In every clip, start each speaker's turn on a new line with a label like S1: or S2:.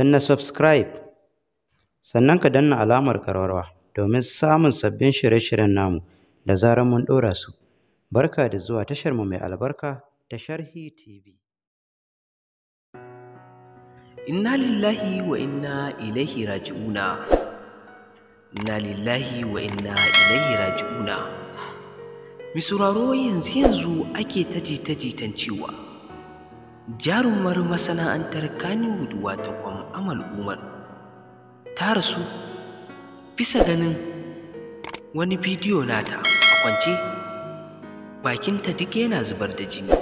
S1: na subscribe sannan ka danna alamar karwarwa domin samun sabbin shirye-shiryen namu da zarar mun ɗora su barka da zuwa tashar mu mai albarka ta sharhi tv inna lillahi wa inna ilaihi raji'una inna lillahi wa inna ilaihi raji'una yanzu yanzu ake ta taji jitan cewa jarumar masana'antar kaniwood wata kwam amal umar ta rasu bisa ganin wani bidiyo nata a kwance bakinta duk yana zubar da jini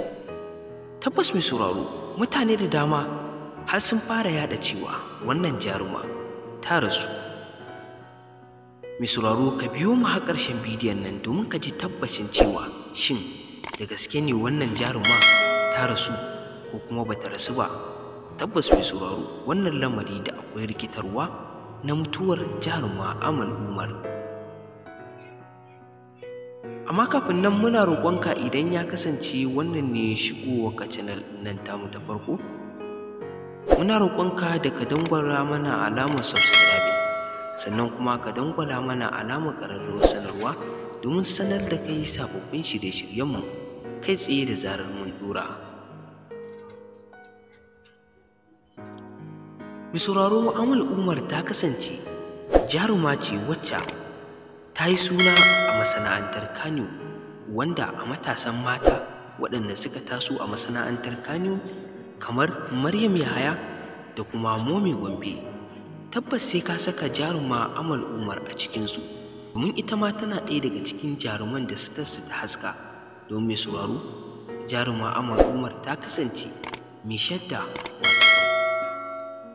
S1: tabbas mai sauraro mutane da dama har sun fara yada cewa wannan jaruma ta rasu mai sauraro ka biyo mu har ƙarshen bidiyon nan domin ka ji tabbacin cewa shin da gaske ne wannan jaruma ta rasu ko kuma bata rasu ba tabbas mai sauraro wannan lamari da akwai rikitarwa na mutuwar jihar maamal umar amma kafin nan muna roƙonka idan ya kasance wannan ne shigowa ka canal nan tamu ta farko muna roƙonka da ka dangwara mana alamar subscribe sannan kuma ka dangwara mana alamar ƙararrawa sanarwa domin sanar da kai sababbin shirye-shiryenmu kai tsaye da zarar mun dora. mai sauraro amal umar ta kasance jaruma ce wacce ta yi suna a masana'antar kano wanda a matasan mata waɗanda suka taso a masana'antar kano kamar maryam yahaya da kuma momi gombe tabbas sai ka saka jaruma amal umar a cikinsu domin ita ma tana ɗaya daga cikin jaruman da su ta haska domin mai sauraro jaruma amal umar ta kasance mai shadda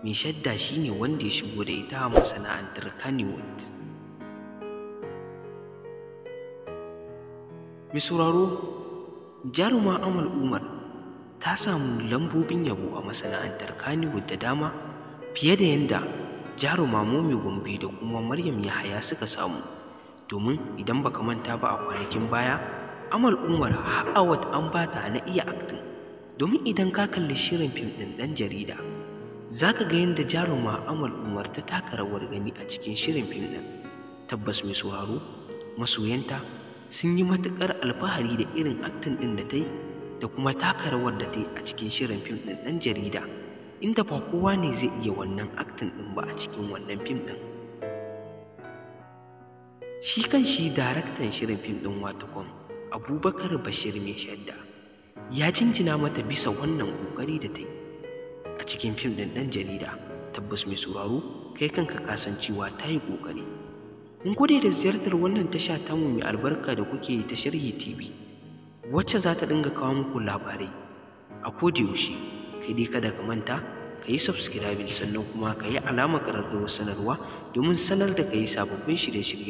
S1: mai shadda shi ne wanda ya shigo da ita a masana'antar Kannywood. misuraro jaruma Amal Umar ta samu lambobin yabo a masana'antar Kannywood da dama fiye da yadda jaruma Momi Gombe da kuma Maryam Yahaya suka samu. Domin idan baka manta ba a kwanakin baya, Amal Umar haawat awat an bata na iya aktin. Domin idan ka kalli shirin fim ɗin ɗan jarida, za ka ga yadda jaruma amal umar ta taka rawar gani a cikin shirin fim ɗin tabbas mai suwaro, masoyanta sun yi matuƙar alfahari da irin aktin ɗin da ta yi da kuma taka rawar da ta yi a cikin shirin fim ɗin ɗan jarida inda ba kowa ne zai iya wannan aktin ɗin ba a cikin wannan fim ɗin shi kan shi daraktan shirin fim ɗin watakwam abubakar bashir mai shadda ya jinjina mata bisa wannan ƙoƙari da ta yi cikin fim ɗin ɗan jarida tabbas mai sauraro kai kanka kasancewa ta yi ƙoƙari in gode da ziyartar wannan tasha ta mu mai albarka da kuke ta sharhi tv wacce za ta dinga kawo muku labarai a yaushe kai dai kada ka manta ka yi subscribe sannan kuma ka yi alama ƙararrawar sanarwa domin sanar da ka yi sababbin shirye-shirye